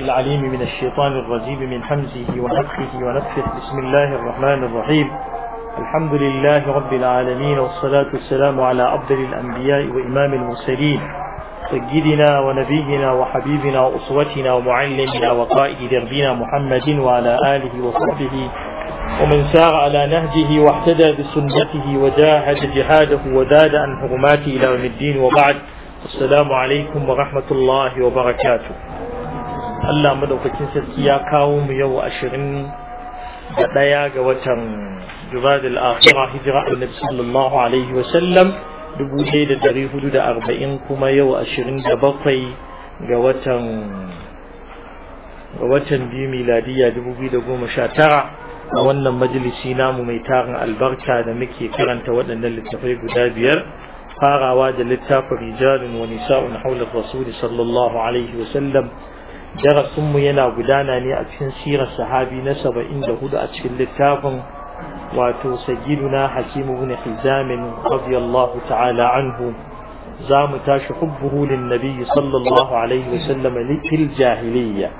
العليم من الشيطان الرجيم من حمزه ونفخه ونفخه بسم الله الرحمن الرحيم الحمد لله رب العالمين والصلاة والسلام على أفضل الأنبياء وإمام المرسلين سيدنا ونبينا وحبيبنا وأسوتنا ومعلمنا وقائد دربنا محمد وعلى آله وصحبه ومن سار على نهجه واحتدى بسنته وجاهد جهاده وزاد عن حرماته إلى يوم الدين وبعد السلام عليكم ورحمة الله وبركاته Allah madaukakin sarki ya kawo mu yau ashirin da ɗaya ga watan Jumadil Akhira hijira Annabi sallallahu alaihi wa sallam dubu ɗaya da ɗari hudu da arba'in kuma yau ashirin da bakwai ga watan ga watan biyu miladiya dubu biyu da goma sha tara a wannan majalisi namu mai tarin albarka da muke karanta waɗannan littafai guda biyar farawa da littafin rijalin wa nisa'un haular rasuli sallallahu alaihi wa sallam darasinmu yana gudana ne a cikin sirar sahabi na saba'in da hudu a cikin littafin wato sagiduna hakimu bin hizamin radiyallahu ta'ala anhu za mu tashi hubbuhu lin nabiyyi sallallahu alaihi wa sallam lil jahiliyya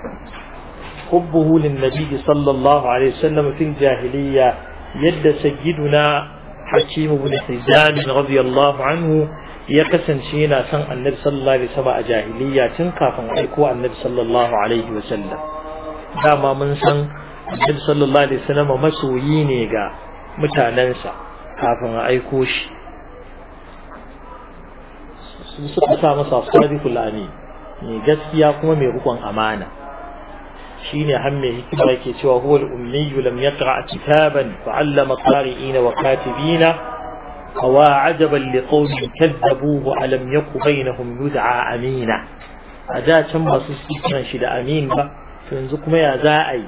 hubbuhu lin nabiyyi sallallahu alaihi wa sallam fil jahiliyya yadda sagiduna hakimu bin hizamin radiyallahu anhu ya kasance yana son annabi sallallahu alaihi wasallam a jahiliya tun kafin aiko annabi sallallahu alaihi wasallam dama mun san annabi sallallahu alaihi wasallam masoyi ne ga mutanensa kafin a aiko shi su suka sa masa sadiqul amin mai gaskiya kuma mai rukun amana shine har mai hikima yake cewa huwal ummi lam yaqra kitaban fa allama qari'ina wa katibina قوا عجبا لقوم كذبوه ولم يكن بينهم يدعى امينا اجا كان masu sunan shi da amin ba to yanzu kuma ya za a yi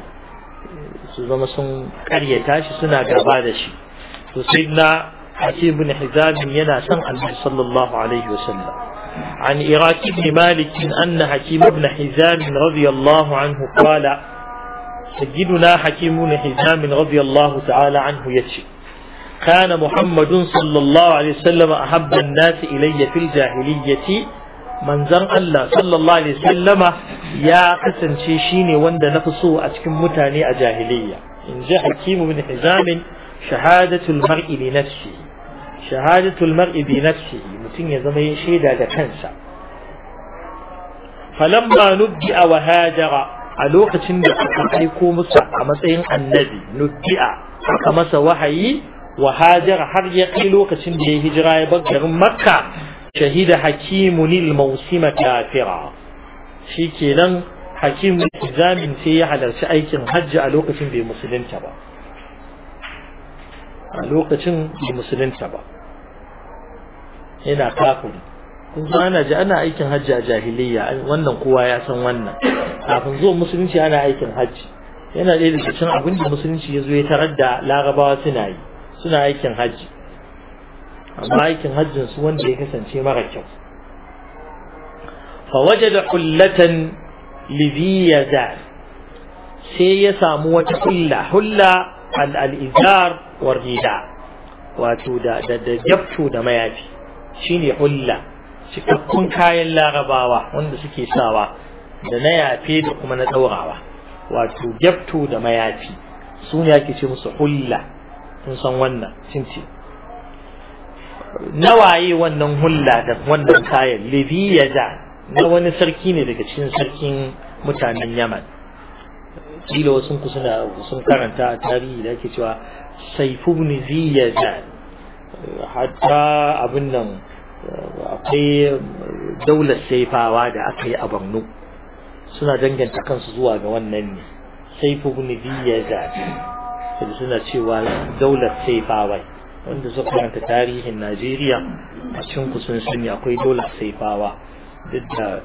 su zama sun ƙarya tashi suna gaba da shi sosai na hakim ibn hizab yana son annabi sallallahu alaihi wasallam an iraki ibn malik anna hakim ibn hizab radiyallahu anhu qala sayyiduna hakim ibn hizab radiyallahu ta'ala anhu yace كان محمد صلى الله عليه وسلم أحب الناس إلي في الجاهلية من زن الله صلى الله عليه وسلم يا قسن شيشيني وند نفسه أتكم متاني أجاهلية إن جاء حكيم بن حزام شهادة المرء لنفسه شهادة المرء بنفسه متين يزمي شيدا دكنسا فلما نبدأ وهاجر a lokacin da aka aiko musu a matsayin annabi nuki'a aka masa wahayi wa hajara har ya kai lokacin da ya hijira ya bar garin makka shahida hakimun al-mawsima kafira shikenan hakim zamin sai ya halarci aikin hajji a lokacin bai musulunta ba a lokacin bai musulunta ba yana kafin kun san ana ji ana aikin hajji a jahiliyya wannan kowa ya san wannan kafin zuwa musulunci ana aikin hajji yana ɗaya daga cikin abin da musulunci ya zo ya tarar da larabawa suna yi suna aikin hajji amma aikin hajjin su wanda ya kasance mara kyau fa da hullatan libiyazar sai ya samu wata hulla hulla al-izar wato da da da mayafi shine hulla cikakkun kayan larabawa wanda suke sawa da na yafe da kuma na daurawa wato jabto da mayafi sun ne ake ce musu hulla kun san wannan cinci waye wannan hulla da wannan kayan libiyada na wani sarki ne daga cikin sarkin mutanen yaman kila wasu kusa suna sun karanta a tarihi da ake cewa saifu ibn ziyada hatta abin nan akwai daular saifawa da aka yi a Borno suna danganta kansu zuwa ga wannan ne saifu ibn suna cewa daular sai bawai wanda suka karanta tarihin Najeriya a cikin kusun sani akwai daular sai bawa duk da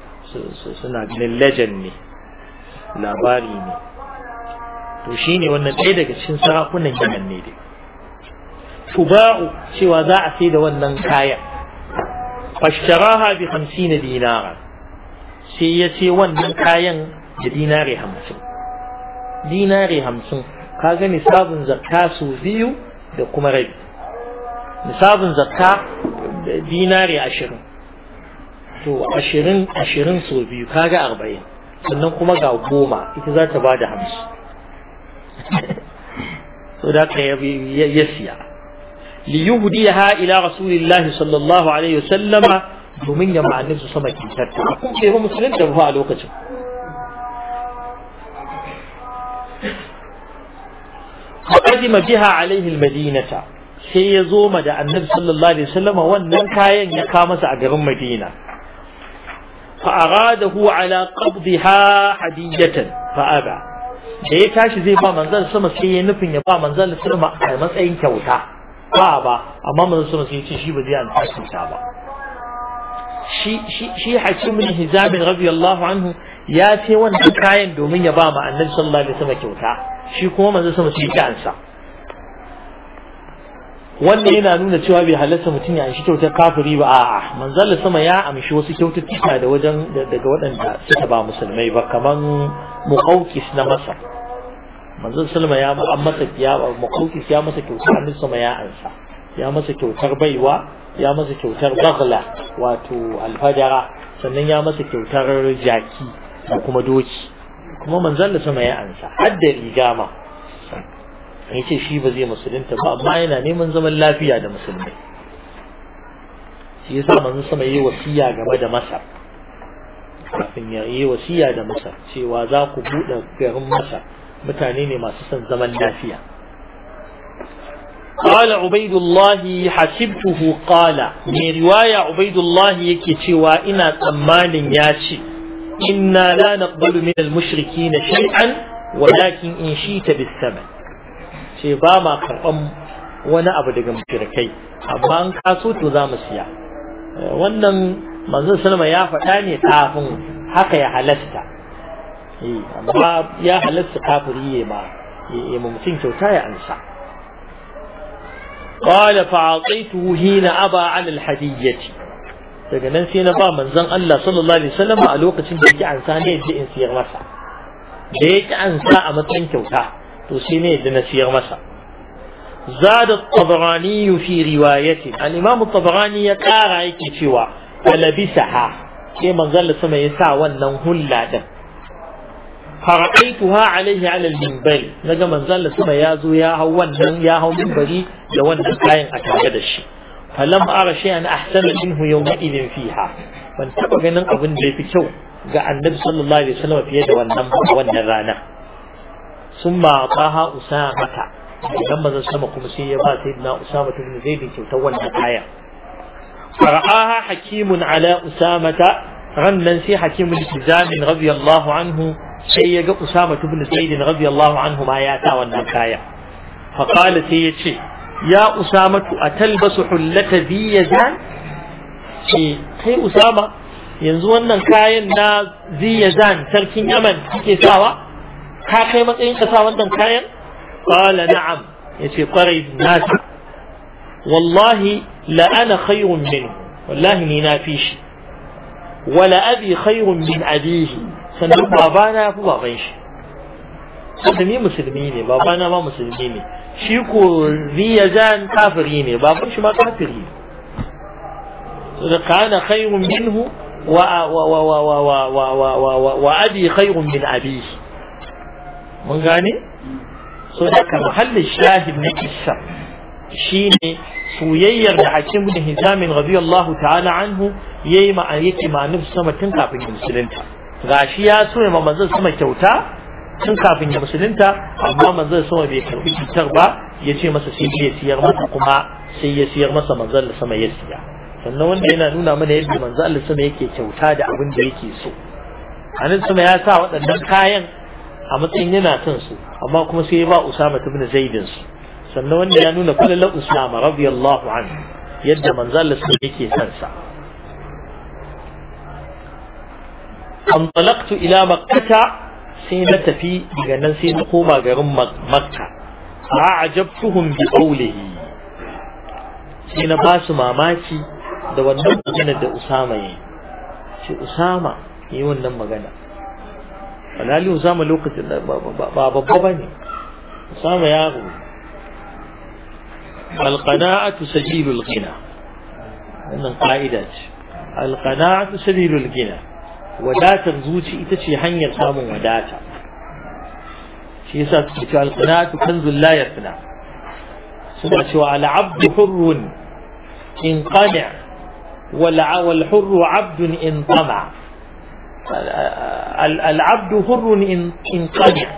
suna ganin legend ne labari ne to shi ne wannan ɗaya daga cikin sarakunan yaman ne dai tuba'u cewa za a sai da wannan kayan fashtaraha bi hamsin dinara sai ya ce wannan kayan da dinare hamsin. dinare hamsin. ka ga nisabin zakka su biyu da kuma rabi nisabin zakka dinari ashirin to ashirin ashirin su biyu ka ga arba'in sannan kuma ga goma ita za ta ba da hamsin so da ka ya siya liyuhdiha ila rasulillahi sallallahu alaihi wasallama domin ya ma'anin su sama kintarta a kuma musulunta ba a lokacin fa qadima biha alaihi almadinata sai ya zo ma da annabi sallallahu alaihi wasallam wannan kayan ya ka masa a garin madina fa aradahu ala qabdiha hadiyatan fa da ya tashi zai ba manzon sama sai ya nufin ya ba manzon sama a matsayin kyauta ba ba amma manzon sama sai ya ce shi ba zai amsa kyauta ba shi shi shi hakim bin hizab radiyallahu anhu ya ce wannan kayan domin ya ba ma annabi sallallahu alaihi wasallam kyauta shi kuma manzo sama sai ya ansa wannan yana nuna cewa bai halarta mutum ya amshi kyautar kafiri ba a'a manzon sama ya amshi wasu kyaututtuka da wajen daga waɗanda suka ba musulmai ba kaman muqawqis na masa. manzon ya masa ya muqawqis ya masa kyautar ya ansa ya masa kyautar baiwa ya masa kyautar baghla wato alfajara sannan ya masa kyautar jaki da kuma doki kuma manzon da sama ya ansa har da riga ma ya ce shi ba zai musulunta ba amma yana neman zaman lafiya da musulmai shi yasa manzon sama yayi wasiya game da Masar kafin ya yi wasiya da Masar cewa za ku buɗe garin Masar mutane ne masu son zaman lafiya قال عبيد الله حسبته قال من رواية عبيد الله يكي تشوى إنا تمان إنا لا نقبل من المشركين شيئا ولكن إن شئت بالثمن شيء ما كرم وانا أبدا مشركي أما أن كاسوت ذا siya. وانا manzon sama ya faɗa ne kafin haka ya halasta ya halasta kafiri ya ma ya mutum kyauta ya ansa qala fa a'taytuhu hina aba 'ala al daga nan sai na ba manzon Allah sallallahu alaihi wasallam a lokacin da yake ansa ne yadda in siyar masa da yake ansa a matsayin kyauta to sai ne yadda na siyar masa زاد الطبراني في روايته الإمام الطبراني يقار عليك شوى ولبسها كما قال سما يسا ونن هلا فرأيتها عليه على المنبر نجا من قال سما يازو يا هو ونن يا هو منبري لو أن كاين أكاد الشيء falam ara an ahsana minhu yawma idin fiha ban taba ganin abin da yafi kyau ga annabi sallallahu alaihi wasallam fiye da wannan wannan rana summa taha usamata idan manzon sama kuma sai ya ba sayyidina usama ibn zaid kyautar wannan kaya fara'aha hakimun ala usamata rannan sai hakimun tijamin radiyallahu anhu sai ya ga usama ibn zaid radiyallahu anhu ma ya ta wannan kaya faqala sai ya ce يا أسامة أتلبس حلة ذي يزان هي إيه، أسامة ينزو أن كاين نا ذي يزان تركين يمن كي ساوا كاكي مطين كساوا أن كاين قال نعم يسي قريب ناسا والله لا أنا خير منه والله نينا فيش ولا أبي خير من أبيه سنبقى بابانا أبو بابيش سلمي مسلميني بابانا ما مسلميني shi ko ziyajan kafiri ne baban shi ma kafiri so da kana khairun minhu wa wa wa wa wa wa wa wa wa wa wa abi khairun min abi mun gane so da kan halin shahid na kissa shine soyayyar da hakim bin hizamin radiyallahu ta'ala anhu yayi ma yake ma nufi sama tun kafin musulunta gashi ya so ya ma sama kyauta tun kafin ya musulunta amma manzon sama bai karbi cutar ba ya ce masa sai ya siyar masa kuma sai ya siyar masa manzon sama ya siya sannan wanda yana nuna mana yadda manzon Allah sama yake kyauta da abin da yake so anan sama ya sa waɗannan kayan a matsayin yana son su amma kuma sai ya ba Usama ibn Zaidin su sannan wanda ya nuna kullalan Usama radiyallahu anhu yadda manzon Allah sama yake son sa انطلقت الى مكه sai na tafi daga nan sai na koma garin makka a ajabtuhum bi qawlihi sai na ba su mamaki da wannan magana da usama yi shi usama yi wannan magana alhali usama lokacin da ba babba ba ne usama yaro alqana'atu sabilul ghina wannan ka'ida ce alqana'atu sabilul ghina wadatar zuci ita ce hanyar samun wadata shi yasa suke cewa alqinatu kanzul la yafna suna cewa al abd hurr in qana wal hurr abd in tama al abd hurr in qana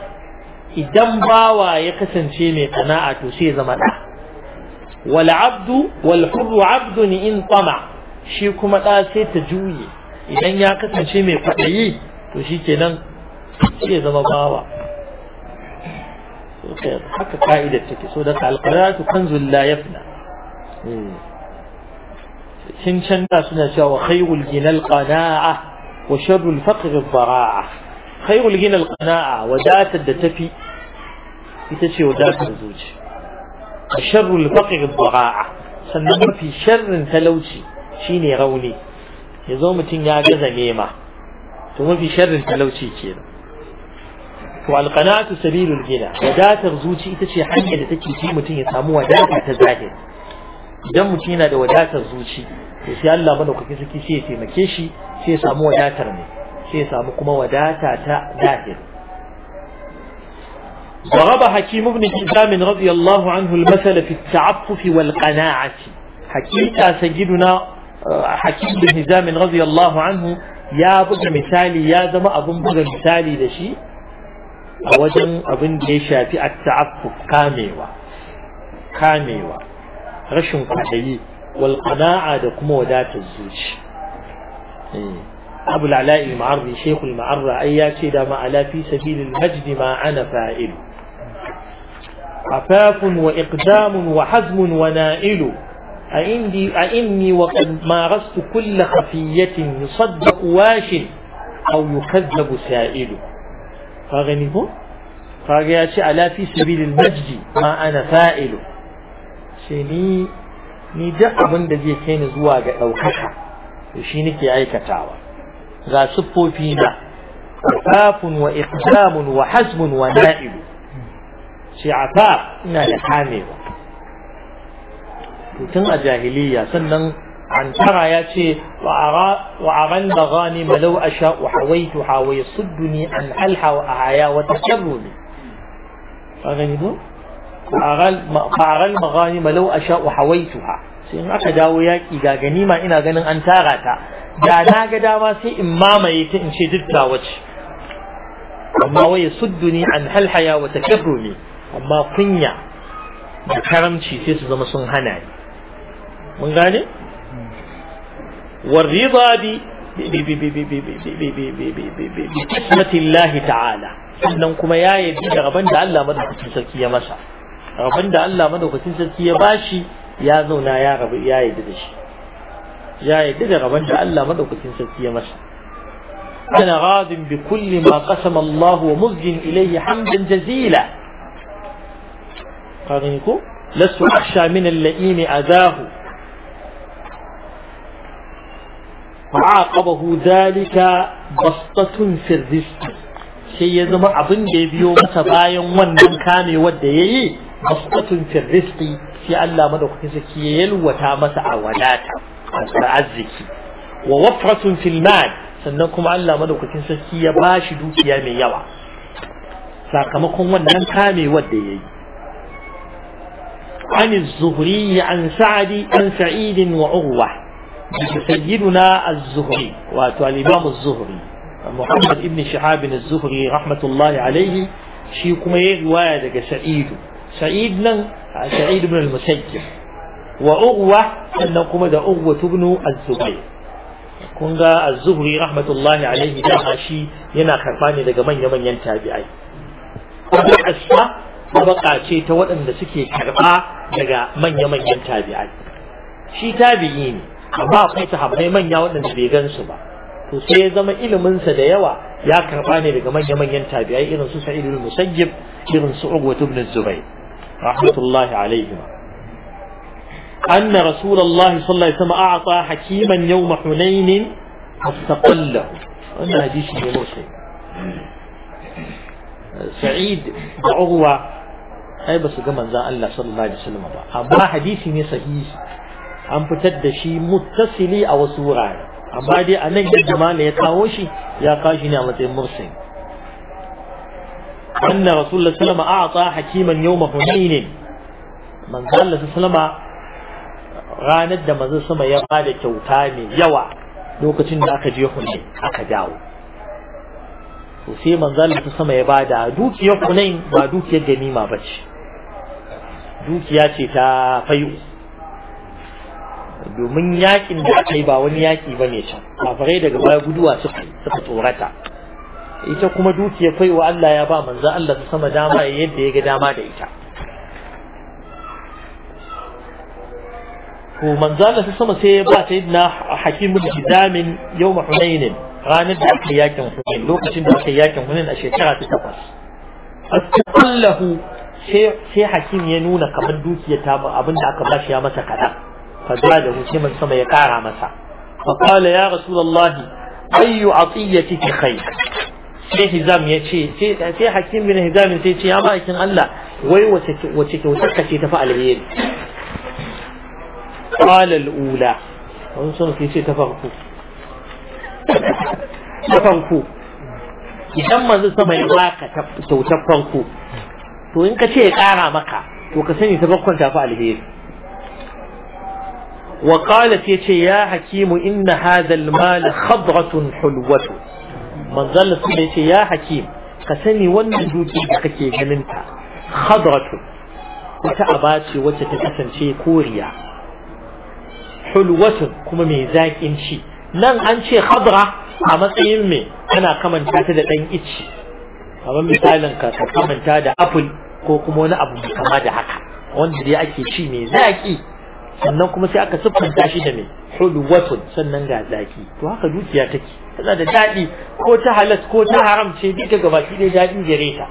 idan bawa ya kasance mai qana'a to sai zama da wal abd wal hurr abd in tama shi kuma da sai ta juye idan ya kasance mai kwaɗayi to shi kenan sai zama bawa haka ka'idar take so da alqaratu kanzul la yafna hmm. shin can canza suna cewa wa khayrul ginal qana'a wa sharrul faqr ad-dara'a ginal qana'a wadatar da tafi ita ce wadatar zuci wa sharrul faqr ad sannan mafi sharrin talauci shine rauni ya zo mutum ya gaza nema to mafi sharrin talauci kenan to alqanatu sabilul gina wadatar zuci ita ce hanyar da take ci mutum ya samu wadata ta zahir. idan mutum yana da wadatar zuci to sai Allah madaukaki saki sai ya taimake shi sai ya samu wadatar ne sai ya samu kuma wadata ta zahir ضرب حكيم بن حزام رضي الله عنه المثل في التعفف والقناعة حكيم سيدنا حكيم بن هزام رضي الله عنه يا بدا مثالي يا زما أظن بدا مثالي لشي أوجن أظن جيشا في التعفف كاميوا كاميوا رشن كحيي والقناعة دكما ودات الزوج إيه. أبو العلاء المعرضي شيخ المعرة أي شيء ما على في سبيل المجد ما أنا فاعل عفاف وإقدام وحزم ونائل أئني أئني وقد مارست كل خفية يصدق واش أو يكذب سائل فغنيه فغياتي ألا في سبيل المجد ما أنا فائل سيني نجع من دجي كين زواج أو كشا وشينك يا عيك تعوى غاسبوا فينا عفاف وإقزام وحزم ونائب سي عفاف إنا لحامل tun a jahiliya sannan an tara ya ce wa aran da gani malau a sha wa hawai hawaye sudduni an alha wa haya wata kyarro ne a gani ko fa'aran magani malau a sha wa tu ha sai in aka dawo yaƙi ga ganima ina ganin an tara ta da na ga dama sai in mamaye ta in ce duk ta wace amma waye sudduni an halhaya wa kyarro ne amma kunya da karamci sai su zama sun hana ni mun gane والرضا بقسمة الله تعالى sannan kuma ya yadda da rabon da Allah madaukakin sarki ya masa rabon da Allah madaukakin sarki ya bashi ya zauna ya rabu ya yadda da shi ya yadda da rabon da Allah madaukakin sarki ya masa ana radin bi kulli ma qasama Allah wa muzjin ilayhi hamdan jazila kaga ko lasu akhsha min al-la'imi adahu وعاقبه ذلك بسطة في الرزق شيء ما أظن جيبيو متبايا وانن كان يوديه بسطة في الرزق في ألا مدوك يلو وتامس عوالاتا أزك ووفرة في المال سنكم ألا مدوك نسكي باشدو في أمي يوا ساكمكم وانن كان يوديه عن الزهري عن سعد عن سعيد وعروة سيدنا الزهري واتو الإمام الزهري محمد ابن شهاب الزهري رحمة الله عليه شي كما رواية سعيد سعيد نن سعيد بن المسيب وأغوة أنكم دا أغوة بن الزبير kun ga az-zuhri rahmatullahi alaihi da shi yana karba ne daga manyan manyan tabi'ai kuma asma tabaka ce ta waɗanda suke karɓa daga manyan manyan tabi'ai shi tabi'i ne amma akwai sahabbai manya waɗanda bai gan su ba to sai ya zama ilimin sa da yawa ya karba ne daga manya-manyan tabi'ai irin su sa'id musayyib irin su ugwat ibn Zubayr rahmatullahi alaihim anna rasulullahi sallallahu alaihi wasallam a'ata hakiman yawm hunain fastaqalla wannan hadisi ne muslim sa'id da ugwa ai ba su ga manzon Allah sallallahu alaihi wasallam ba amma hadisi ne sahihi an fitar da shi mutasili a wasu wurare amma dai a nan yadda mala ya kawo shi ya kashi shi ne a matsayin mursin anna rasulullah sallama ata hakiman yawma hunainin manzo Allah sallama ranar da manzo sama ya bada kyauta mai yawa lokacin da aka je hunain aka dawo to sai manzo Allah sallama ya bada dukiyar hunain ba dukiyar ganima bace dukiya ce ta fayu domin yakin da aka yi ba wani yaki ba ne can kafirai daga baya guduwa suka suka tsorata ita kuma dukiyar wa Allah ya ba manzo Allah ta sama dama yadda ya ga dama da ita to manzo Allah ta sama sai ya ba sayyidina Hakim bin Hizamin yawm Hunain ranar da aka yakin Hunain lokacin da aka yakin Hunain a shekara ta takwas astaqallahu sai sai Hakim ya nuna kamar dukiyar ta abinda aka bashi ya masa kaɗan. فزاده سمن ثم يقارع مسا فقال يا رسول الله أي عطيتك خير في هزام يتشي في حكيم من هزام يتشي يا ما يكن ألا وي وتك تفعل بيد قال الأولى أنصر في شيء تفرقوا تفرقوا idan manzo sama ya baka kyautar farko to in ka ce ya kara maka to وقالت يتي يا حكيم إن هذا المال خضرة حلوة من ظل يتي يا حكيم قسمي ونجوتي بكي جننتا خضرة ta kasance شي كوريا حلوة كما ميزاك ci. nan an ce khadra a matsayin me ana kamanta ta da dan ici kamar misalin ka kamanta da apple ko kuma wani abu kama da haka wanda dai ake ci mai zaki sannan kuma sai aka siffanta shi da mai hulwatun sannan ga zaki to haka dukiya take tana da daɗi ko ta halas ko ta haram ce duka ga baki dai daɗin gare ta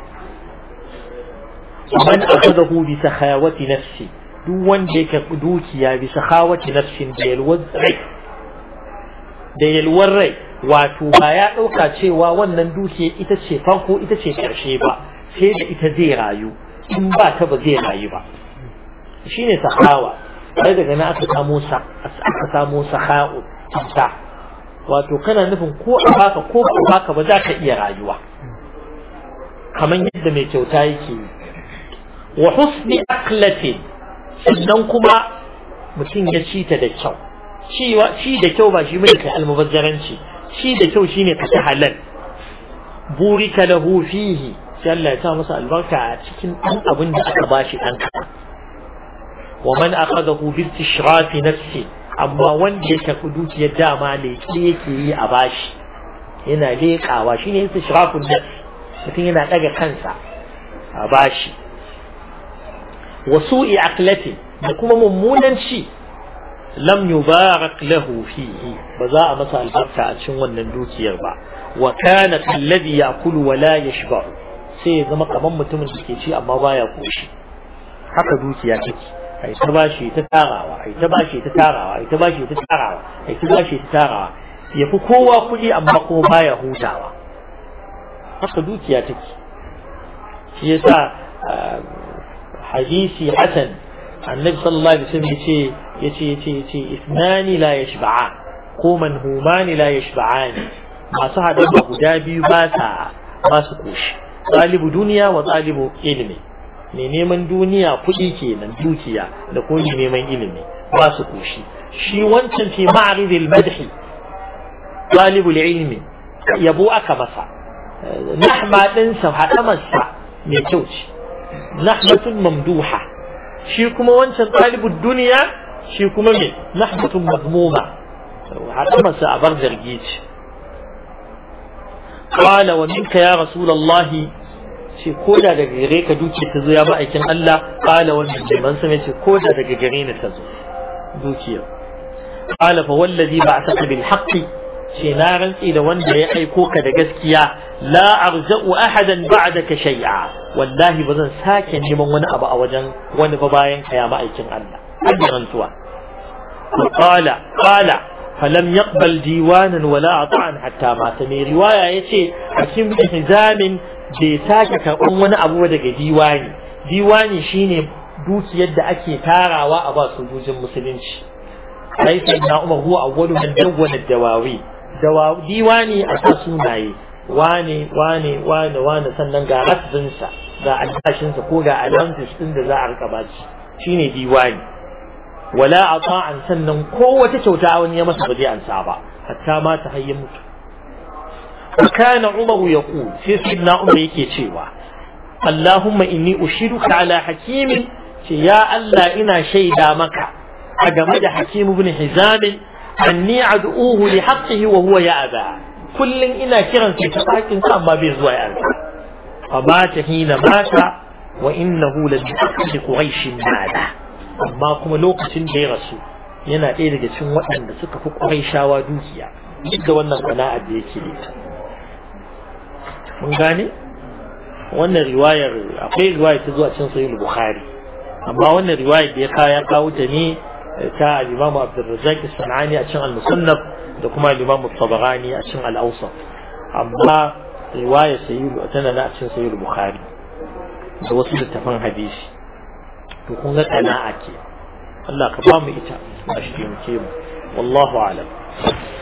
man akhadahu bi sakhawati nafsi duk wanda yake dukiya bi sakhawati nafsi da yalwar rai da yalwar rai wato ba ya ɗauka cewa wannan dukiya ita ce farko ita ce ƙarshe ba sai da ita zai rayu in ba ta ba zai rayu ba shine sahawa ai daga na aka samo sa aka samo sahau ta wato kana nufin ko a baka ko ba baka ba za ka iya rayuwa kamar yadda mai kyauta yake wa husni aqlati sannan kuma mutum ya ci ta da kyau ci da kyau ba shi mai kai almubazzaranci ci da kyau shine ka ci halal burika lahu fihi sai Allah ya sa masa albarka a cikin dan abin da aka bashi dan kaɗan ومن أخذه بالتشراف نفسي أما وان يتكدوك يدى مالك ليكي أباش هنا ليك أباش هنا التشراف النفس لكن هنا تجا كنسا أباش وسوء عقلتي نكوم ممونا شي لم يبارك له فيه بزاء مثلا البركة أتشنو النندوك يربع وكانت الذي يأكل ولا يشبع سيد نمط أمام تمنى كيشي أما بايا كوشي حقا دوك يا كيشي ai ta bashi ta tarawa ai ta bashi ta tarawa ai ta bashi ta tarawa ai ta bashi ta tarawa ya fi kowa kuɗi amma ko baya hutawa haka dukiya take shi sa ah, hadisi hasan annabi sallallahu alaihi wasallam yace yace yace yace isnani la yashba'a ko man humani la yashba'ani masu hadaba guda biyu ba sa ba su koshi ɗalibu duniya wa ɗalibu ilimi Ne neman duniya kuɗi kenan dukiya da ko neman ilimi ba su koshi shi wancan fi ma'aridil madhi talibul ilmi yabo aka masa nahma ɗinsa masa mai kyau ce nahmatun mamduha shi kuma wancan ɗalibin duniya shi kuma mai nahmatun mazmuma haɗamarsa a bar zargi ce قال ومنك يا رسول الله ce ko da daga gare ka duke ta zo ya ba aikin Allah qala wannan liman sama ce ko da daga gare ni ta zo dukiya qala fa wallazi ba'athaka bil haqqi ce na rantsi da wanda ya aiko ka da gaskiya la arja'u ahadan ba'daka shay'a wallahi ba zan sake neman wani abu a wajen wani ba bayan ka ya ma'aikin Allah hajji rantsuwa qala qala falam yaqbal diwanan wala ata'an hatta mata mai riwaya yace hakim bin hizamin bai sake karɓan wani abu daga diwani diwani shine dukiyar da ake tarawa a ba sojojin musulunci sai na Umar huwa awwalu man dawwana dawawi diwani a sa sunaye wane wane wane wane sannan ga rasbinsa ga sa ko ga allowances din da za a rika baci shine diwani wala ata'an sannan ko wata kyauta wani ya masa ba zai ansa ba hatta ma ta hayyin mutu فكان عمر يقول في سيدنا عمر يكي cewa اللهم إني أشهدك على حكيم يا الله إنا شيدا مكة أجمد حكيم بن حزام أني عدؤوه لحقه وهو يأبى كل إنا كرا في تقاك أما بيزوى فمات حين مات وإنه لبحق قريش مالا أما كما لوقت بيرسو yana ɗaya daga cikin waɗanda suka fi ƙwarai shawa dukiya duk da wannan sana'ar da yake da ita mun gane wannan riwayar akwai riwaya ta zuwa cin sahih bukhari amma wannan riwayar da ya kawo ya kawo ta ne ta al-imam abdurrazzaq as-sanani a cin al da kuma al-imam tabarani a cin al-awsat amma riwayar sahih tana na cin sahih bukhari da wasu littafan hadisi to kun ga kana'a ke Allah ka ba mu ita a shi mu wallahu a'lam